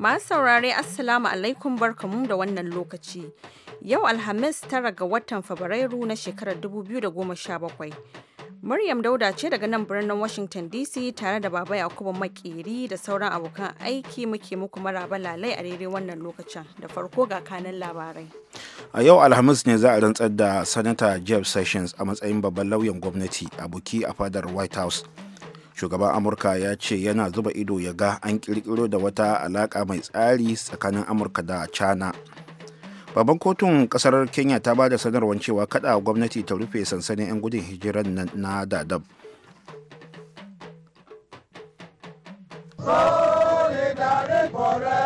Masu saurare Assalamu alaikum barkamu da wannan lokaci. Yau Alhamis tara ga watan Fabrairu na shekarar 2017. Maryam Dauda ce daga nan birnin Washington DC tare da Baba Yakubu Makeri da sauran abokan aiki muke muku maraba lalai a daidai wannan lokacin. Da farko ga kanan labarai. A yau Alhamis ne za a rantsar da Sanata Jeff Sessions a matsayin babban lauyan gwamnati a buki a fadar White House. shugaban amurka ya ce yana zuba ido ya ga an kirkiro da wata alaka mai tsari tsakanin amurka da china babban kotun kasar kenya ta ba da sanarwar cewa kada gwamnati ta rufe sansanin 'yan gudun hijiran na dadab Solidarity forever.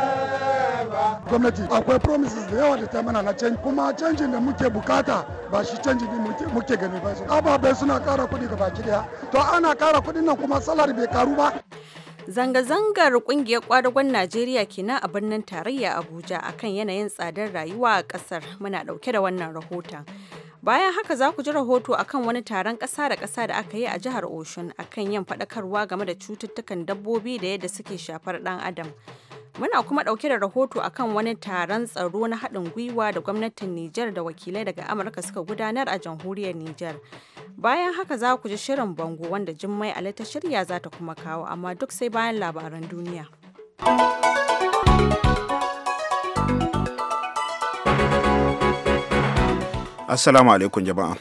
gwamnati akwai promises da yawa da ta mana na canji kuma canjin da muke bukata ba shi canji ne muke gani ba su ababai suna kara kuɗi ga baki daya to ana kara kuɗin nan kuma salar bai karu ba Zanga-zangar kungiyar kwadagon Najeriya kenan a birnin tarayya Abuja akan yanayin tsadar rayuwa a kasar muna dauke da wannan rahoton. Bayan haka za ku ji rahoto akan wani taron ƙasa da ƙasa da aka yi a jihar Oshun akan yin faɗakarwa game da cututtukan dabbobi da yadda suke shafar ɗan Adam. Muna kuma ɗauke da rahoto akan wani taron tsaro na haɗin gwiwa da gwamnatin Nijar da wakilai daga Amurka suka gudanar a jamhuriyar Nijar. Bayan haka za ku ji shirin bango wanda Jummai Ali ta shirya za ta kuma kawo amma duk sai bayan labaran duniya. Assalamu alaikum jama'a.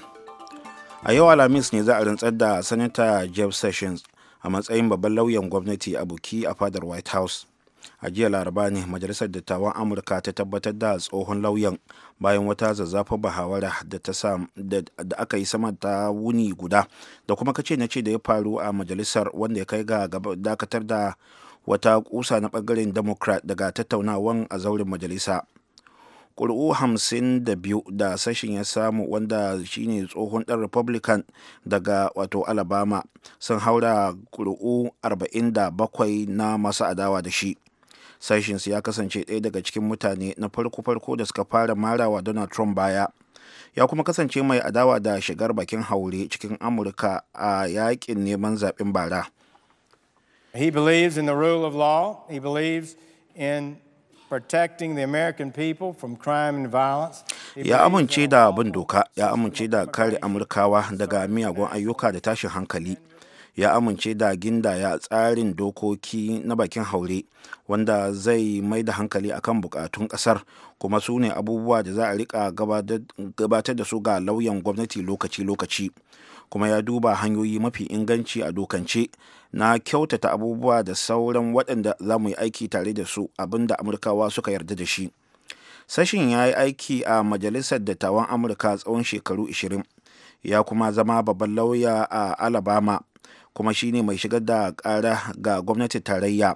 A yau Alhamis ne za a rantsar da Sanata Jeff Sessions a matsayin babban lauyan gwamnati a buki a fadar White House. a jiya laraba ne majalisar dattawan amurka ta tabbatar da tsohon lauyan bayan wata zazzafa bahawara da aka yi sama ta wuni guda da kuma kace na ce da ya faru a majalisar wanda ya kai ga dakatar da wata kusa na bangaren democrat daga tattaunawan a zauren majalisa ƙuri'u hamsin da biyu da sashen ya samu wanda shine tsohon ɗan republican daga wato alabama sun haura ƙuri'u arba'in da bakwai na masu adawa da shi sashinsu ya kasance ɗaya daga cikin mutane na farko-farko da suka fara marawa donald trump baya ya kuma kasance mai adawa da shigar bakin haure cikin amurka a yakin neman zaɓen bara he believes in the rule of law he believes in protecting the American people from crime and violence. Ya amince da bin doka, ya amince da kare Amurkawa daga miyagun ayyuka da tashin hankali. ya amince da gindaya tsarin dokoki na bakin haure wanda zai mai da hankali akan bukatun kasar kuma su ne abubuwa da za a rika gabatar da su ga lauyan gwamnati lokaci-lokaci kuma ya duba hanyoyi mafi inganci a dokance na kyautata abubuwa da sauran waɗanda za mu yi aiki tare da su abinda amurkawa suka yarda da shi sashin ya yi aiki a majalisar dattawan amurka tsawon shekaru 20 ya kuma zama babban lauya a alabama kuma shine mai shigar da kara ga gwamnati tarayya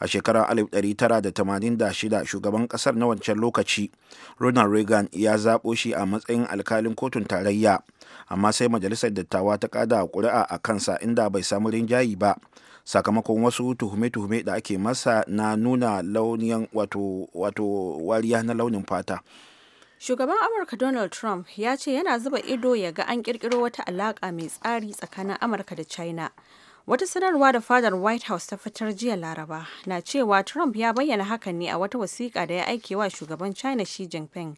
a shekarar 1986 shugaban kasar na wancan lokaci ronald reagan ya zaɓo shi a matsayin alkalin kotun tarayya amma sai majalisar dattawa ta kada ƙuri'a a kansa inda bai samu rinjayi ba sakamakon wasu tuhume-tuhume da ake masa na nuna launiyan wato wariya na launin fata Shugaban Amurka Donald Trump ya ce yana zuba ido ya ga an kirkiro wata alaƙa mai tsari tsakanin Amurka da China. Wata sanarwa da fadar White House ta fitar jiya Laraba na cewa Trump ya bayyana hakan ne a wata wasiƙa da ya aikewa shugaban China Xi Jinping.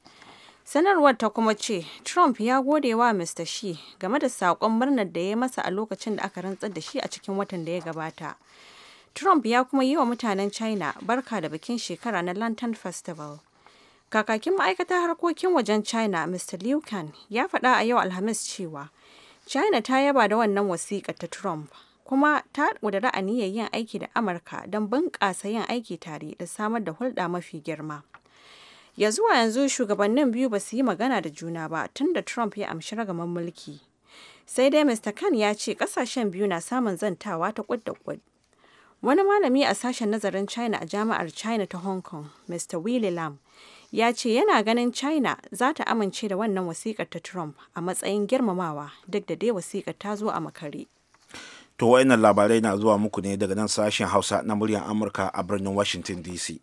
Sanarwar ta kuma ce Trump ya gode wa Mr. Xi game da saƙon murnar da ya masa a lokacin da aka rantsar da shi a cikin watan da ya gabata. Trump ya kuma yi wa mutanen China barka da bikin shekara na Lantern Festival. Kakakin ma'aikatar harkokin wajen China, Mr. Liu ya faɗa a yau Alhamis cewa China ta yaba da wannan wasiƙa ta Trump, kuma ta ra'ani aniyar yin aiki da Amurka don bunƙasa yin aiki tare da samar da hulɗa mafi girma. Ya zuwa yanzu shugabannin biyu ba su yi magana da juna ba tun da Trump ya amshi ragaman mulki. Sai dai Mr. Khan ya ce ƙasashen biyu na samun zantawa ta ƙud da ƙud. Wani malami a sashen nazarin China a jami'ar China ta Hong Kong, Mr. Willie Lam, ya ce yana ganin china za ta amince da wannan wasikar ta trump a matsayin girmamawa duk da dai wasikar ta zo a makare to wayannan labarai na zuwa muku ne daga nan sashen hausa na muryar amurka a birnin washington dc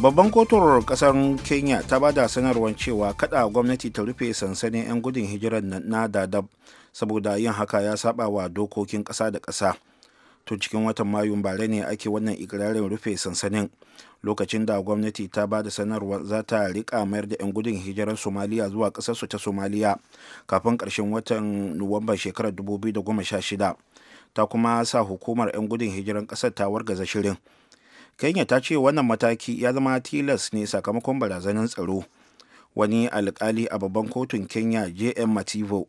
babban kotun kasar kenya ta ba da sanarwar cewa kada gwamnati ta rufe sansanin 'yan gudun hijirar na dadab saboda yin haka ya saba wa dokokin kasa da kasa To cikin watan mayu bare ne ake wannan ikirarin rufe sansanin lokacin da gwamnati ta ba da sanarwa za ta rika mayar da 'yan gudun hijirar somaliya zuwa ƙasarsu ta somaliya kafin karshen watan Nuwamba shekarar 2016 ta kuma sa hukumar 'yan gudun hijirar ƙasar ta wargaza shirin kenya ta ce wannan mataki ya zama tilas ne sakamakon barazanar tsaro wani alkali a babban kotun kenya jm mativo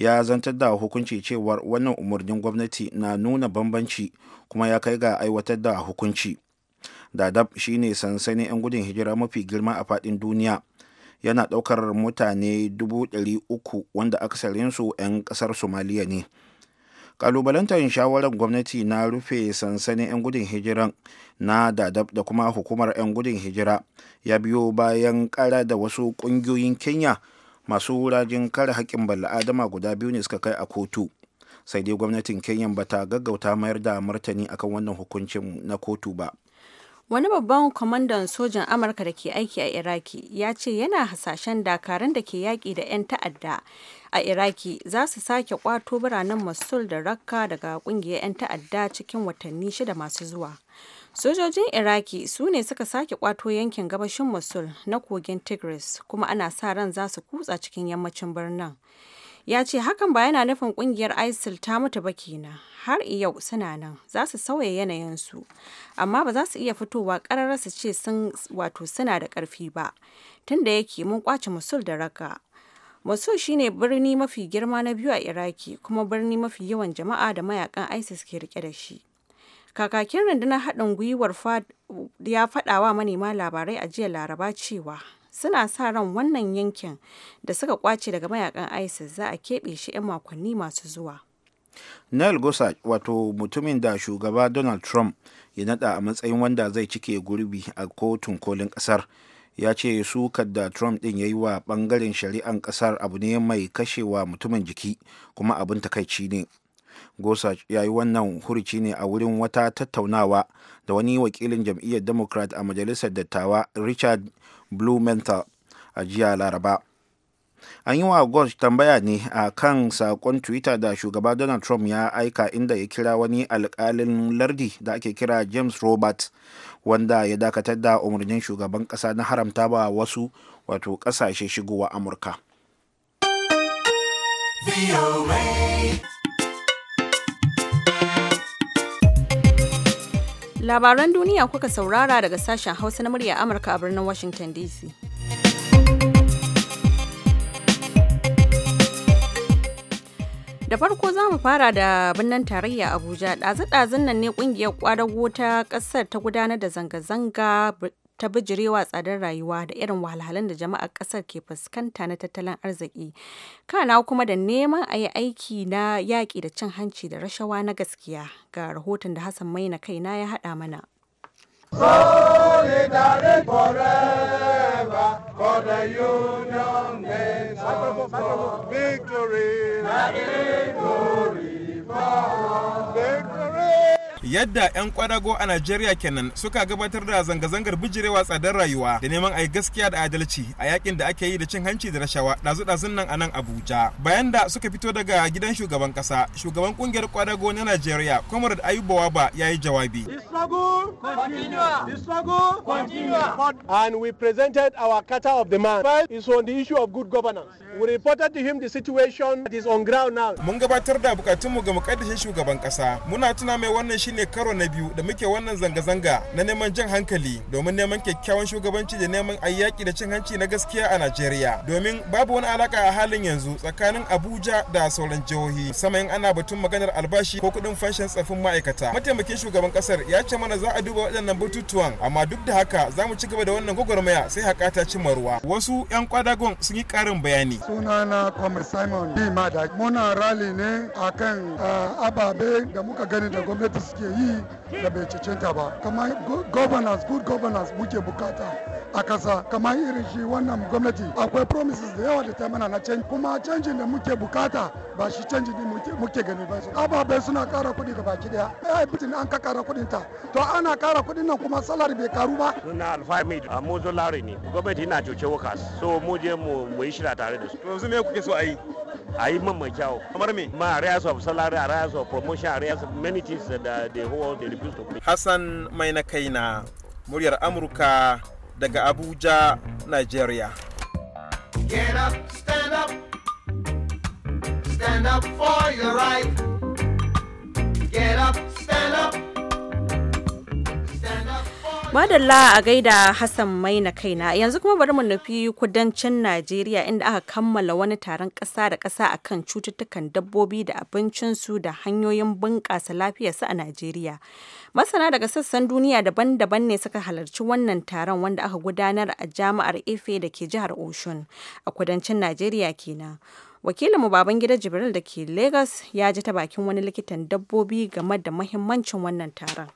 ya zantar da hukunci cewar wannan umarnin gwamnati na nuna bambanci kuma ya kai ga aiwatar da hukunci dadab shine sansanin 'yan gudun hijira mafi girma a fadin duniya yana daukar mutane 300,000 wanda aksarin su 'yan kasar somaliya ne kalubalantar shawarar gwamnati na rufe sansanin 'yan gudun hijiran na dadab da kuma hukumar 'yan gudun hijira ya biyo bayan kara da wasu ƙungiyoyin kenya masu wurajin kare haƙƙin bala'adama guda biyu ne suka kai a kotu sai dai gwamnatin kenya ba ta gaggauta mayar da martani akan wannan hukuncin na kotu ba wani babban kwamandan sojan amurka da ke aiki a iraki ya ce yana hasashen dakaran da ke yaƙi da 'yan ta'adda a iraki za su sake kwato biranen mosul da rakka daga ƙungiyar 'yan ta'adda cikin watanni shida masu zuwa Sojojin Iraki su ne suka sake kwato yankin gabashin Mosul na kogin Tigris kuma ana sa ran za su kutsa cikin yammacin birnin. Ya ce hakan ba yana nufin kungiyar ISIL ta mutu ba kenan. Har yau suna nan za su sauya yanayinsu amma ba za su iya fitowa kararra su ce sun wato suna da karfi ba tunda yake mun kwace Mosul da raka. Mosul shine birni mafi girma na biyu a Iraki kuma birni mafi yawan jama'a da mayakan ISIS ke rike da shi. Kakakin rundunar haɗin gwiwar ya faɗa wa manema labarai a jiya Laraba cewa suna sa ran wannan yankin da suka kwace daga mayakan ISIS za a keɓe shi 'yan makonni masu zuwa. Neil Gorsuch wato mutumin da shugaba Donald Trump ya nada a matsayin wanda zai cike gurbi a kotun kolin kasar ya ce sukar da Trump din ya yi wa bangaren shari'an kasar abu ne mai kashewa mutumin jiki kuma abin takaici ne. Gorsuch ya yi wannan hurici ne a wurin wata tattaunawa da wani wakilin jam'iyyar Democrat a majalisar dattawa Richard Blumenthal a jiya Laraba. An yi wa Gorsuch tambaya ne a kan saƙon Twitter da shugaba Donald Trump ya aika inda ya kira wani alƙalin lardi da ake kira James roberts wanda ya dakatar da umarnin shugaban ƙasa na haramta ba wasu wato ƙasashe shigowa Amurka. Labaran duniya kuka saurara daga sashen Hausa na murya Amurka a birnin Washington DC. Da farko za mu fara da birnin tarayya Abuja. Ɗazu-ɗazun nan ne ƙungiyar ƙwadago ta ƙasar ta gudanar da zanga-zanga ta bijirewa tsadar rayuwa da irin wahalhalun da jama'ar kasar ke fuskanta na tattalin arziki kana kuma da neman a yi aiki na yaƙi da cin hanci da rashawa na gaskiya ga rahoton da hassan maina kaina ya haɗa mana Victory! Victory! Victory! yadda 'yan kwadago a Najeriya kenan suka gabatar da zanga-zangar bijirewa tsadar rayuwa da neman a yi gaskiya da adalci a yakin da ake yi da cin hanci da rashawa dazu-dazun nan a nan Abuja. Bayan da suka fito daga gidan shugaban kasa, shugaban kungiyar kwadago na Najeriya, Comrade Ayuba ba ya yi jawabi. And we presented our kata of the man. is on the issue of good governance. We reported to him the situation that is on ground now. Mun gabatar da bukatunmu ga mukaddashin shugaban kasa. Muna tuna mai wannan shi shine karo na biyu da muke wannan zanga-zanga na neman jan hankali domin neman kyakkyawan shugabanci da neman ayyaki da cin hanci na gaskiya a Najeriya domin babu wani alaka a halin yanzu tsakanin Abuja da sauran jihohi musamman ana batun maganar albashi ko kuɗin fashin tsafin ma'aikata. Mataimakin shugaban kasar ya ce mana za a duba waɗannan batutuwan amma duk da haka za mu ci gaba da wannan gwagwarmaya sai haƙa ta cimma ruwa. Wasu 'yan kwadagon sun yi ƙarin bayani. Sunana Kwamar Simon D. Muna rali ne akan ah, ababe da muka gani da gwamnati ake yi da bai cancanta ba kamar governance good governance muke bukata a kasa kamar irin shi wannan gwamnati akwai promises da yawa da ta mana na canji kuma canjin da muke bukata ba shi canji ne muke gani ba su abai suna kara kudi ga baki daya ai bitin an ka kara kudin ta to ana kara kudin nan kuma salari bai karu ba suna alfahmi a mozo lare ne gwamnati na cuce wakas so mu je mu yi shira tare da su to yanzu me kuke so a yi a yi mamma kyau kamar me ma areas of salary areas of promotion areas of many things that uh, they hold they refuse to pay Hassan mai na kaina muryar Amurka daga Abuja Nigeria Get up stand up stand up for your right Get up stand up Madalla a gaida Hassan mai Maina kaina yanzu kuma bari mu nufi kudancin Najeriya inda aka kammala wani taron ƙasa da ƙasa kan cututtukan dabbobi da abincinsu da hanyoyin bunƙasa lafiyarsu a Najeriya. Masana daga sassan duniya daban-daban ne suka halarci wannan taron wanda aka gudanar a jami'ar Ife da ke jihar Oshun a kudancin Najeriya kenan. Wakilinmu baban Babangida Jibril da ke Legas ya ji ta bakin wani likitan dabbobi game da mahimmancin wannan taron.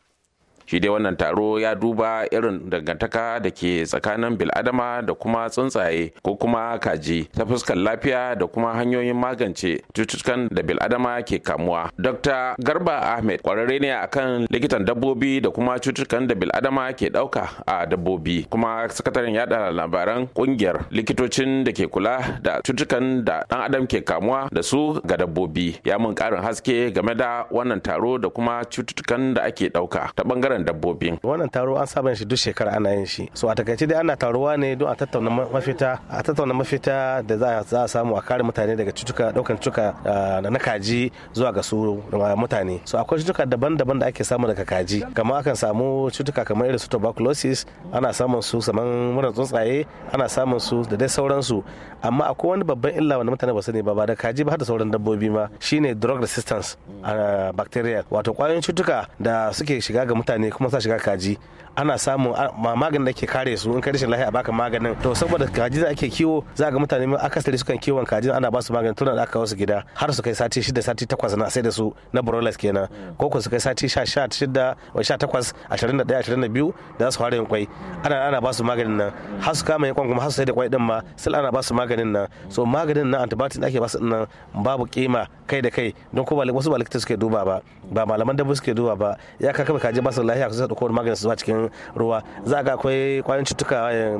shi dai wannan taro ya duba irin dangantaka da ke tsakanin biladama da kuma tsuntsaye ko kuma kaji ta fuskar lafiya da kuma hanyoyin magance cututtukan da biladama ke kamuwa dr garba ahmed kwararre ne akan likitan dabbobi da kuma cututtukan da biladama ke dauka a dabbobi kuma sakataren yada labaran kungiyar likitocin da ke kula da cututtukan da dan adam ke kamuwa da su ga dabbobi ya mun karin haske game da wannan taro da kuma cututtukan da ake dauka ta bangaren bangaren dabbobi wannan taro an saba shi duk shekara ana yin shi so a takaice dai ana taruwa ne don a tattauna mafita a tattauna mafita da za a samu a kare mutane daga cutuka daukan cutuka ah, na kaji zuwa ga su ah, mutane so akwai cutuka daban-daban da ake samu daga kaji kamar akan samu cutuka kamar irin su tuberculosis ana samun su saman murar tsuntsaye ana samun su da dai sauransu amma akwai wani babban illa wanda mutane ba sani ba ba da kaji ba da sauran dabbobi ma shine drug resistance a ah, bacteria wato kwayoyin cutuka da suke shiga ga mutane ne kuma sa shiga kaji ana samun maganin da ke kare su in ka rashin lafiya baka maganin to saboda kaji da ake kiwo za ga mutane aka akasari sukan kiwon kaji ana ba su maganin tun da aka kawo su gida har su kai sati shida sati takwas na sai da su na broilers kenan ko ku su kai sati 16 shida sha takwas ashirin da ɗaya ashirin da biyu da za su fara yin kwai ana ana ba su maganin nan har su kama yin kwan kuma har su sai da kwai din ma sai ana ba su maganin nan so maganin nan antibiotics da ake ba su nan babu kima kai da kai don ko wasu ba likita suke duba ba ba malaman dabbobi suke duba ba ya ka kaba kaji ba su lafiya su sa da maganin su ba cikin ruwa za ga akwai kwayoyin cutuka eh,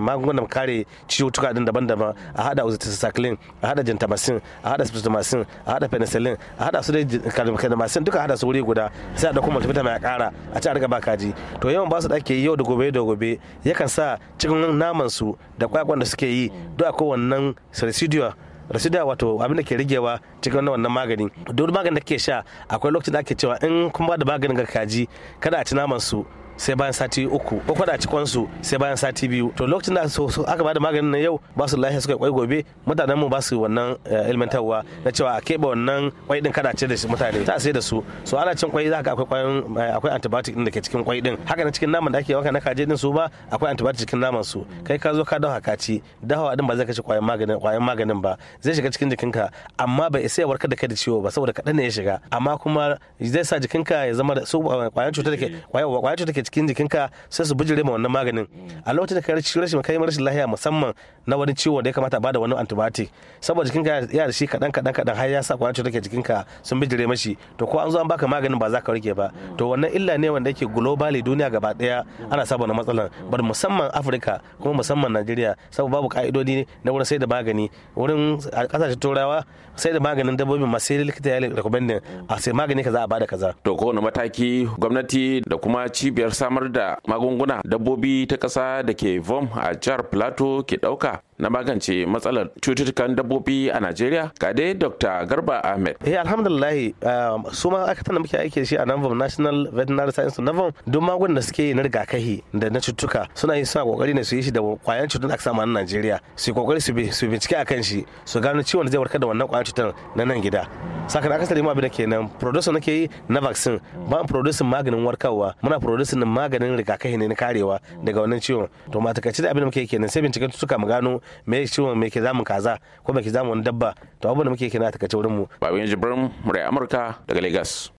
magungunan kare cututtuka din daban-daban a hada oxytetracycline a hada gentamicin a hada spitomycin a hada penicillin a hada su dai kalmacin duka hada su wuri guda sai a da kuma mai a kara a ci a riga ba kaji to yawan ba su da ake yau da gobe da gobe yakan sa cikin naman su da kwakwan da suke yi duk akwai wannan residual rasida wato abin da ke rigewa cikin wannan magani duk maganin da ke sha akwai lokacin da ake cewa in kuma da maganin ga kaji kada a ci naman su sai bayan sati uku ko kwada cikon su sai bayan sati biyu to lokacin da so aka bada maganin na yau ba su lafiya suka kwai gobe mutanen mu ba su wannan eh, ilmantarwa na cewa a keɓe wannan kwai din kada ce da su mutane ta sai da su so ana cin kwai zaka akwai kwayan eh, akwai antibiotic din da ke cikin kwai din haka na cikin naman da ake waka na kaje din su ba akwai antibiotic cikin naman su kai ka zo ka dawo ka ci dawa din ba zai kashe kwayan maganin kwayan maganin ba zai shiga cikin jikinka amma bai isa ya warkar da kai da ciwo ba saboda kaɗan ne ya shiga amma kuma zai sa jikinka ya zama da su eh, kwayan cuta da ke kwayan cuta ke cikin jikinka sai su bijire ma wannan maganin a lokacin da ka rashin kai rashin lahiya musamman na wani ciwo da ya kamata ba da wani antibiotic saboda jikinka ya da shi kadan kadan kadan har ya sa kwana cutar jikinka sun bijire mashi to ko an zo an baka maganin ba za ka rike ba to wannan illa ne wanda yake globally duniya gaba daya ana saba na matsalar bar musamman Africa kuma musamman nigeria saboda babu ka'idodi na wurin sai da magani wurin kasashen turawa sai da maganin dabbobin masu sai likita ya recommend a sai magani kaza a bada kaza to ko wani mataki gwamnati da kuma cibiyar samar da magunguna dabbobi ta ƙasa da ke vom a jihar plateau ke ɗauka na magance matsalar cututtukan dabbobi a Najeriya ga dai Dr. Garba Ahmed. Eh alhamdulillah ah, su ma aka tana muke aiki shi a Navam National Veterinary Science Navam duk magungunan da suke na rigakafi da na cututtuka suna yin suna kokari ne su yi shi da kwayan cutar da aka samu a Najeriya su kokari su bi su bincike akan shi su gano ciwon da zai warkar da wannan kwayan cutar na nan gida. Sakan akasari ma abin da kenan producer nake yi na vaccine ba mu producer maganin warkarwa muna producer maganin rigakafi ne na karewa daga wannan ciwon to ma takaice da abin da muke yi kenan sai binciken cututtuka mu gano me ciwon me ke zamu kaza ko me ke zamu wani dabba to abin da muke kina ta kace wurin mu wani jibrin murai amurka daga lagos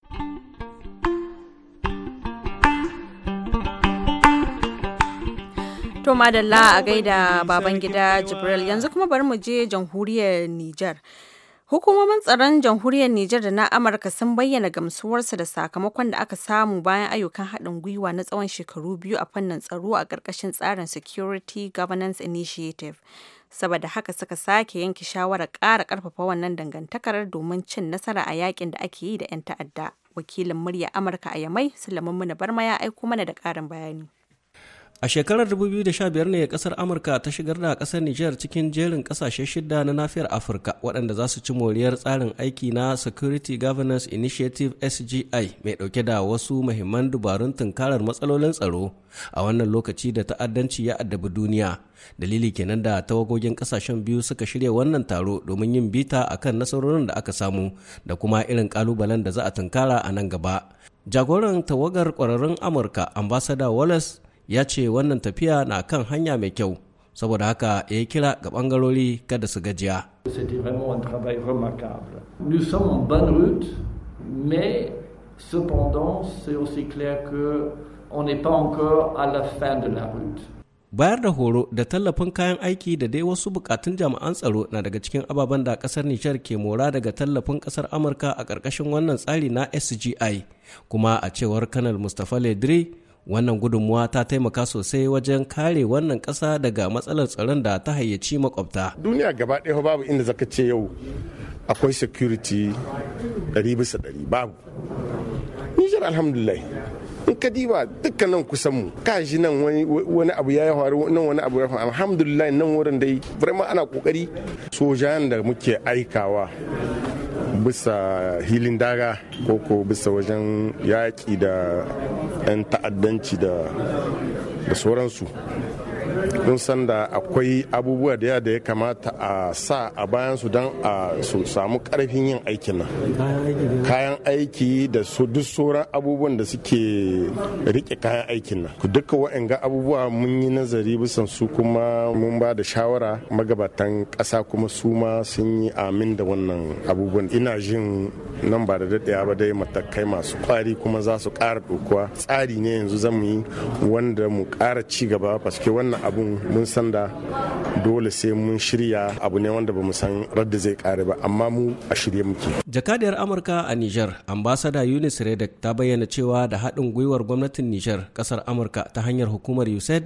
To madalla a gaida baban gida Jibril yanzu kuma bari mu je jamhuriyar Nijar. Hukumomin tsaron jamhuriyar Nijar da na Amurka sun bayyana gamsuwarsu da sakamakon da aka samu bayan ayyukan haɗin gwiwa na tsawon shekaru biyu a fannin tsaro a ƙarƙashin tsarin Security Governance Initiative. Saboda haka suka sake yanke shawarar ƙara ƙarfafa wannan dangantakar domin cin nasara a yakin da ake yi da 'yan ta'adda. Wakilin murya Amurka a Yamai, Sulaiman Muna Barma ya aiko mana da ƙarin bayani. A shekarar 2015 ne kasar Amurka ta shigar da kasar Nijar cikin jerin kasashe shida na nafiyar Afirka waɗanda za su ci moriyar tsarin aiki na Security Governance Initiative SGI mai ɗauke da wasu mahimman dubarun tunkarar matsalolin tsaro a wannan lokaci da ta'addanci ya addabi duniya. Dalili kenan da tawagogin kasashen biyu suka shirya wannan taro domin yin bita akan nasarorin da aka samu da kuma irin kalubalen da za a tunkara a nan gaba. Jagoran tawagar kwararrun Amurka, ambasada Wallace ya ce wannan tafiya na kan hanya mai kyau saboda haka ya yi kira ga bangarori kada su gajiya. Bayar da horo da tallafin kayan aiki da dai wasu bukatun jami'an tsaro na daga cikin ababen da kasar Nijar ke mora daga tallafin kasar Amurka a ƙarƙashin wannan tsari na SGI, kuma a cewar Kanal Mustapha Ledri wannan gudunmuwa ta taimaka sosai wajen kare wannan ƙasa daga matsalar tsaron da ta hayyaci makwabta duniya gaba ɗaya babu inda zaka ce yau akwai security ɗari bisa ɗari babu nijar alhamdulillah in ka diba dukkanin kusan mu kashi nan wani abu ya yi faru nan wani abu ya faru alhamdulillah nan wurin dai burama ana kokari sojan da muke aikawa bisa hilin daga ko ko bisa wajen yaƙi da 'yan ta'addanci da sauransu mun san da akwai abubuwa da ya da ya kamata a sa a bayan su don a su samu karfin yin aikin nan kayan aiki da su duk sauran abubuwan da suke rike kayan aikin nan ku duka wa'anga abubuwa mun yi nazari bisan su kuma mun ba da shawara magabatan kasa kuma su ma sun yi amin da wannan abubuwan ina jin nan ba da daɗaya ba dai matakai masu kwari kuma za su ƙara ɗokuwa tsari ne yanzu zamu yi wanda mu ƙara ci gaba paske wannan abu abin mun san da dole sai mun shirya abu ne wanda ba mu san radda zai kare ba amma mu a shirye muke jakadiyar amurka a niger ambasada yunis redek ta bayyana cewa da haɗin gwiwar gwamnatin niger ƙasar amurka ta hanyar hukumar usaid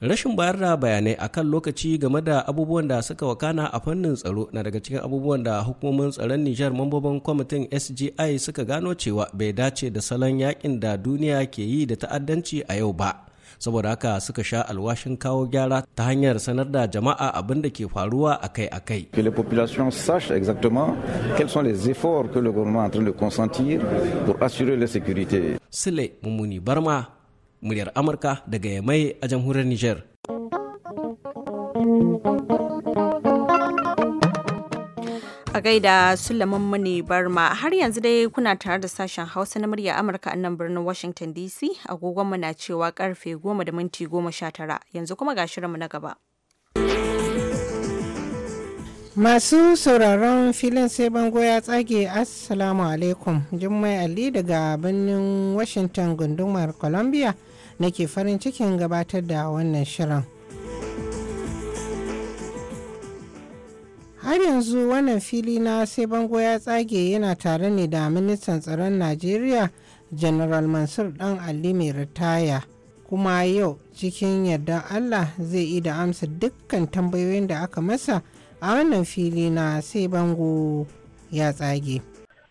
Rashin bayar da bayanai akan lokaci game da abubuwan da suka wakana a fannin tsaro na daga cikin abubuwan da hukumomin tsaron Nijar mambobin kwamitin SGI suka gano cewa bai dace da salon yakin da duniya ke yi da ta'addanci a yau ba. saboda haka suka sha alwashin kawo gyara ta hanyar sanar da jama'a abin da ke faruwa akai-akai. Que la population sache exactement quels sont les efforts que le gouvernement est en train de consentir pour assurer la sécurité. sile Mumuni Barma, muryar amurka daga yamai a jamhuriyar niger a gaida sulaman mani barma har yanzu dai kuna tare da sashen hausa na murya amurka a nan birnin washington dc agogonmu na cewa karfe 10 da minti 19 yanzu kuma ga shirinmu na gaba masu sauraron filin sai bango ya tsage assalamu alaikum jummai ali daga birnin washington gundumar columbia nake farin cikin gabatar da wannan shirin. har yanzu wannan fili na sai bango ya tsage yana tare ne da ministan tsaron najeriya general mansur dan ali mai ritaya kuma yau cikin yadda allah zai yi da amsa dukkan tambayoyin da aka masa a wannan fili na sai bango ya tsage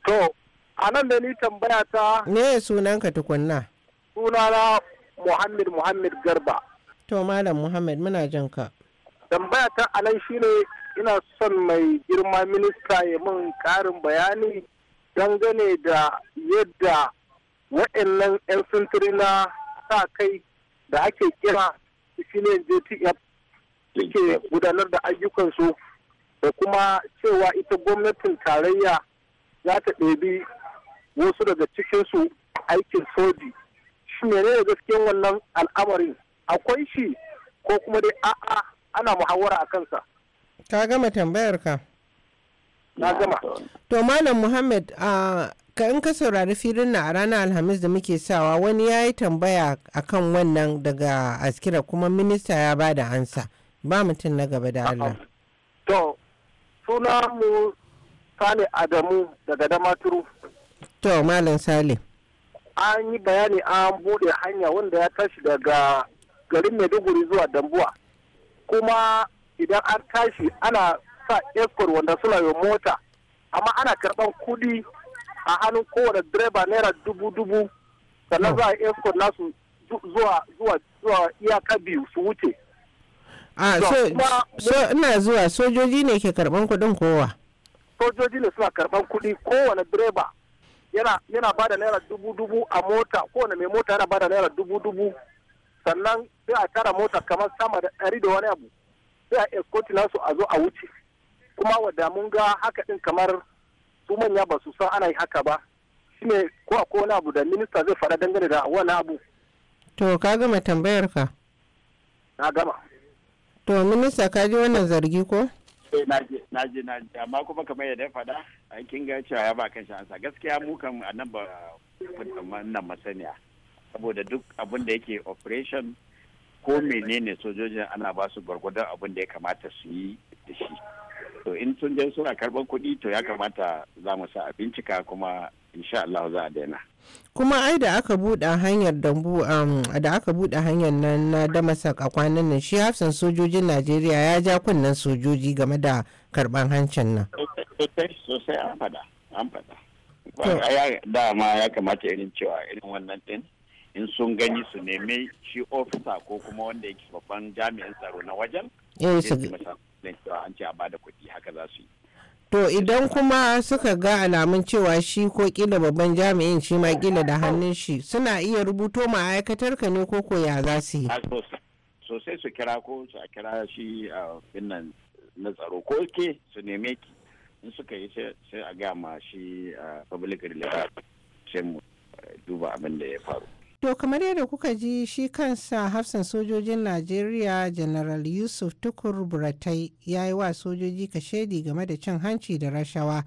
to a nan da ni tambaya ta me sunanka tukunna sunana Muhammad Muhammad Garba. To Malam Muhammad muna jin ka. Tambaya ta alai shine ina son mai girma minista ya mun karin bayani dangane da yadda waɗannan 'yan sintiri na sa kai da ake kira shine JTF suke gudanar da ayyukansu da kuma cewa ita gwamnatin tarayya za ta ɗabi wasu daga cikinsu aikin soji menene gaskiyan wannan al'amarin akwai shi ko kuma dai a'a ana muhawara a kansa ka gama tambayar ka na gama to malam muhammad a ka in ka saurari filin na a ranar alhamis da muke sawa wani ya yi tambaya akan wannan daga askira kuma minista ya ba da ansa ba mutum na gaba da allah to suna mu sale adamu daga damaturu to malam salim an yi bayani an bude hanya wanda ya tashi daga garin maiduguri zuwa dambuwa kuma idan an tashi ana sa escort wanda suna yi mota amma ana karban kudi a hannun kowane direba naira dubu dubu sannan za a escort nasu zuwa zuwa zuwa iyaka biyu su wuce a so ina zuwa sojoji ne ke karban kudin kowa sojoji ne suna karban kudi kowane direba yana yana bada naira dubu dubu a mota kowane mai mota yana bada naira dubu dubu sannan sai a tara mota kamar sama da ɗari da wani abu sai a escort su a zo a wuce kuma wadda mun ga haka din kamar su manya ba su san ana yi haka ba shine ko a wani abu da minista zai faɗa dangane da wani abu to ka gama tambayar ka na gama to minista ka ji wannan zargi ko eh naje naje naje amma kuma kamar yadda ya faɗa kin ga cewa ya ba kan shansa gaskiya mu kan nan ba nan masaniya saboda duk abin da yake operation ko menene sojojin ana ba su gwargwadon abin da ya kamata su yi da shi to in sun je suna karban kuɗi to ya kamata za mu sa a bincika kuma insha Allah za a daina kuma ai da aka buɗe hanyar um, da aka buɗe hanyar nan na damasak a kwanan nan shi hafsan sojojin najeriya ya ja kunnen sojoji game da karban hancin nan sosai an fada an ya dama ya kamata irin cewa irin wannan din in sun gani su nemi shi ofisa ko kuma wanda yake babban jami'in tsaro na wajen eh su an ce a bada kuɗi haka za su yi To idan kuma suka ga alamun cewa shi ko kila babban jami'in shi ma kila da hannun shi suna iya rubuto ma'aikatar ka ne ko ya za su yi. Sosai su kira ko su a kira shi a binnan na tsaro ko ke su neme ki in suka yi sai a gama shi public relations sai mu duba abin da ya faru. To kamar yadda kuka ji shi kansa hafsan sojojin Najeriya General Yusuf Tukur Buratai ya yi wa sojoji kashedi game da cin hanci da rashawa.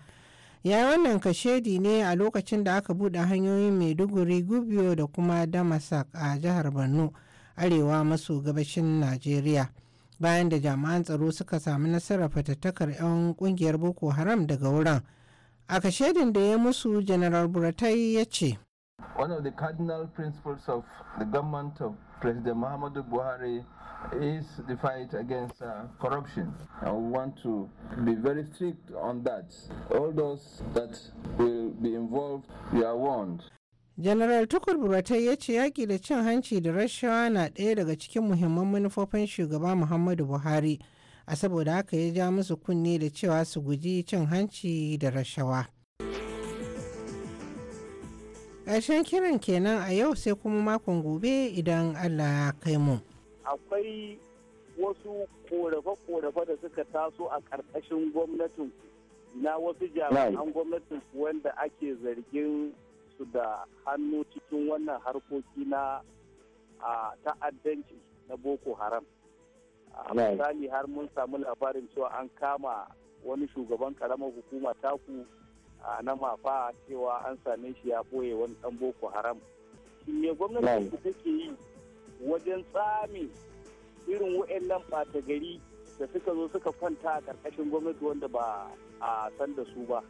Ya yi wannan kashedi ne a lokacin da aka buɗe hanyoyin Maiduguri, Gubiyo da kuma Damasak a jihar Borno, arewa maso gabashin Najeriya. Bayan da jami'an tsaro suka samu nasarar fatattakar 'yan kungiyar Boko Haram daga wurin. A kashedin da ya musu General Buratai ya ce. One of the cardinal principles of the government of President Muhammadu Buhari is the fight against uh, corruption. And we want to be very strict on that. All those that will be involved, we are warned. General Tukur Buratai ya ce yaƙi da cin hanci da rashawa na ɗaya daga cikin muhimman manufofin shugaba Muhammadu Buhari, a saboda haka ya ja musu kunne da cewa su guji cin hanci da rashawa. ƙarshen kiran kenan a yau sai kuma makon gobe idan allah ya kai mu akwai wasu korafe-korafe da suka taso a ƙarƙashin gwamnatin na wasu jami'an gwamnatin wanda ake zargin su da hannu cikin wannan harkoki na ta'addanci na boko haram misali har mun samu labarin cewa an kama wani shugaban karamar hukuma taku a na mafa cewa an same shi ya boye wani ɗan boko haram shi me gwamnati take yi wajen tsami irin wa'annan ɓata gari da suka zo suka kwanta a ƙarƙashin gwamnati wanda ba a san da su ba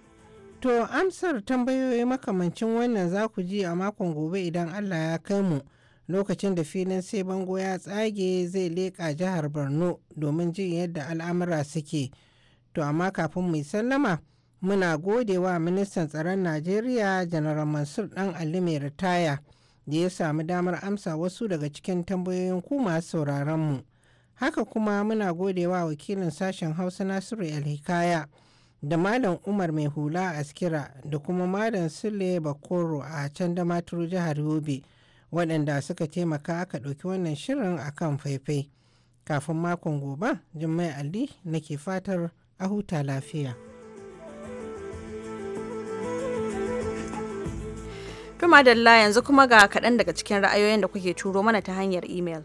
to amsar tambayoyi makamancin wannan za ku ji a makon gobe idan allah ya kai mu lokacin da filin sai bango ya tsage zai leƙa jihar borno domin jin yadda al'amura suke to amma kafin mu sallama muna godewa ministan tsaron najeriya Janaral mansur dan ali mai ritaya da ya samu damar amsa wasu daga cikin tambayoyin kuma masu sauraron mu haka kuma muna godewa wakilin sashen hausa nasiru alhikaya da malam umar mai hula a askira da kuma malam sule bakoro a can da maturu jihar yobe waɗanda suka taimaka aka ɗauki wannan shirin a kan faifai kafin makon gobe jummai ali nake fatar a huta lafiya. Tuma Dalla yanzu kuma ga kaɗan daga cikin ra'ayoyin da kuke turo mana ta hanyar imel.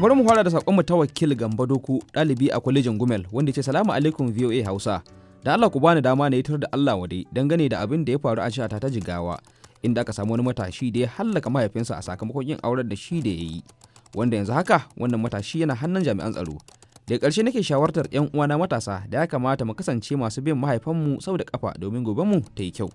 bari mu fara da mu ta wakil gamba doku ɗalibi a kwalejin gumel wanda ce salamu alaikum voa hausa da allah ku bani dama na yitar da allah wade dangane da abin da ya faru a shata ta jigawa inda aka samu wani matashi da ya hallaka mahaifinsa a sakamakon yin aurar da shi da ya yi wanda yanzu haka wannan matashi yana hannun jami'an tsaro da ƙarshe nake shawartar 'yan uwana matasa da ya kamata mu kasance masu bin mahaifanmu sau da kafa domin gobe mu ta yi kyau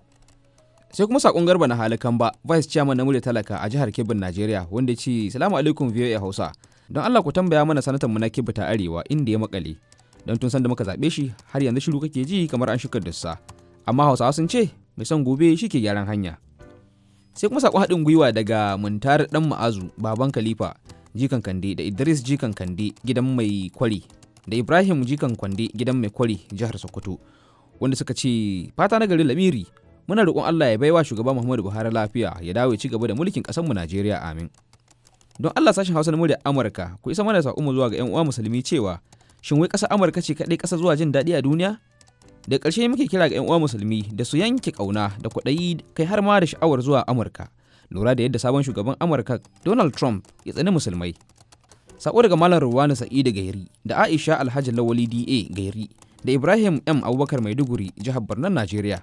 sai kuma sakon garba na halikan ba vice chairman na murya talaka a jihar kebbin najeriya wanda ce salamu alaikum voa hausa don allah ku tambaya mana sanatan mu na kebbi ta arewa inda ya makale don tun san da muka zaɓe shi har yanzu shiru kake ji kamar an shukar dussa amma hausawa sun ce mai son gobe shi ke gyaran hanya sai kuma sakon haɗin gwiwa daga muntar dan ma'azu baban khalifa jikan kandi da idris jikan kandi gidan mai kwari da ibrahim jikan kwandi gidan mai kwari jihar sokoto wanda suka ce fata na gari lamiri muna roƙon allah ya baiwa shugaba muhammadu buhari lafiya ya dawo ci gaba da mulkin ƙasarmu najeriya amin don allah sashen hausa na murya amurka ku isa mana saƙonmu zuwa ga 'yan uwa musulmi cewa shin wai ƙasar amurka ce kaɗai ƙasa zuwa jin daɗi a duniya da ƙarshe muke kira ga 'yan uwa musulmi da su yanke ƙauna da kwaɗayi kai har ma da sha'awar zuwa amurka lura da yadda sabon shugaban amurka donald trump ya tsani musulmai sako daga malam ruwanu sa'idu gairi da aisha alhaji lawali da gairi da ibrahim m abubakar maiduguri jihar birnin najeriya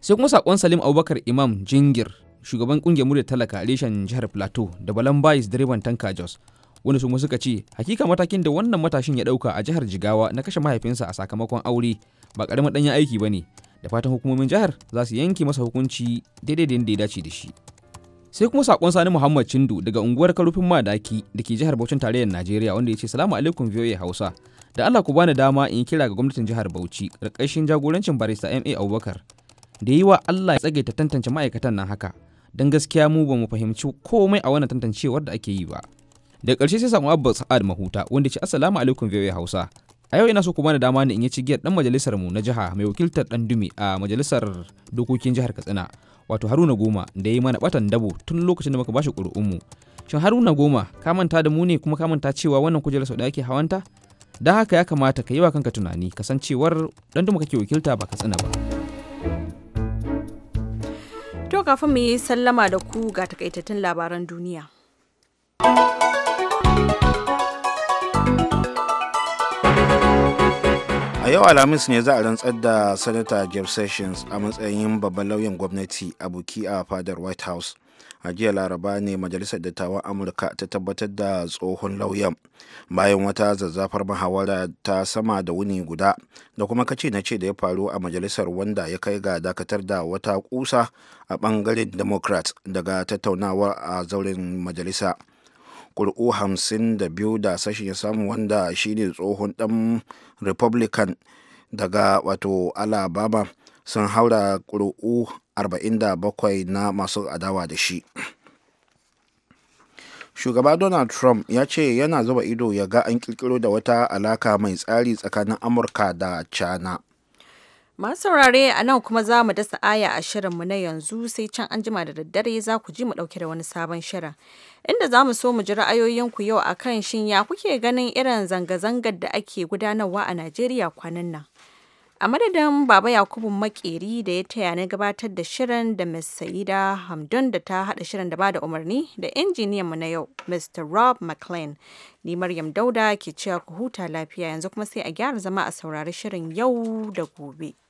sai kuma sakon salim abubakar imam jingir shugaban kungiyar murya talaka reshen jihar plateau da balan bayis direban tanka jos wanda su suka ce hakika matakin da wannan matashin ya dauka a jihar jigawa na kashe mahaifinsa a sakamakon aure ba karamin danyen aiki ba ne da fatan hukumomin jihar za su yanke masa hukunci daidai da ya dace da shi sai kuma sakon sani muhammad chindu daga unguwar karufin madaki da ke jihar bauchin tarayyar najeriya wanda ya ce salamu alaikum voa hausa da allah ku bani dama in kira ga gwamnatin jihar bauchi karkashin jagorancin barista ma abubakar da yi wa allah ya tsage ta tantance ma'aikatan nan haka don gaskiya mu ba mu fahimci komai a wannan tantancewar da ake yi ba da ƙarshe sai samu abba sa'ad mahuta wanda ce assalamu alaikum voa hausa a yau ina so ku bani dama ne in yi cigiyar dan majalisar mu na jiha mai wakiltar dan dumi a majalisar dokokin jihar katsina wato haruna goma da ya yi mana batan dabo tun lokacin da muka bashi ƙuri'unmu shin haruna goma ka manta da mu ne kuma ka manta cewa wannan kujerar sau da ake hawanta da haka ya kamata ka yi wa kanka tunani kasancewar dan duma kake wakilta ba ka tsina ba to kafin mu yi sallama da ku ga takaitattun labaran duniya a yau alhamis ne za a rantsar da sanata jeff sessions a matsayin babban lauyan gwamnati a buki a fadar white house a jiya laraba ne majalisar dattawan amurka ta tabbatar da tsohon lauyan bayan wata zazzafar mahawara ta sama da wuni guda da kuma kace na ce da ya faru a majalisar wanda ya kai ga dakatar da wata kusa a bangaren democrat daga tattaunawar a zauren majalisa ƙuri'u hamsin da biyu da sashen ya samu wanda shine tsohon ɗan republican daga wato alabama sun haura ƙuri'u 47 na masu adawa da shi shugaba donald trump ya ce yana zuba ido ya ga an kirkiro da wata alaka mai tsari tsakanin amurka da china Masu saurare a nan kuma za mu dasa aya a shirinmu na yanzu sai can anjima da daddare za ku ji mu ɗauke da wani sabon shirin. Inda za mu so mu ji ra'ayoyinku yau a kan shin ya kuke ganin irin zanga-zangar da ake gudanarwa a Najeriya kwanan nan. A madadin Baba Yakubu Makeri da ya taya na gabatar da shirin da Ms. Saida Hamdun da ta haɗa shirin da bada umarni da injiniyan mu na yau Mr. Rob McLean. Ni Maryam Dauda ke cewa ku huta lafiya yanzu kuma sai a gyara zama a saurari shirin yau da gobe.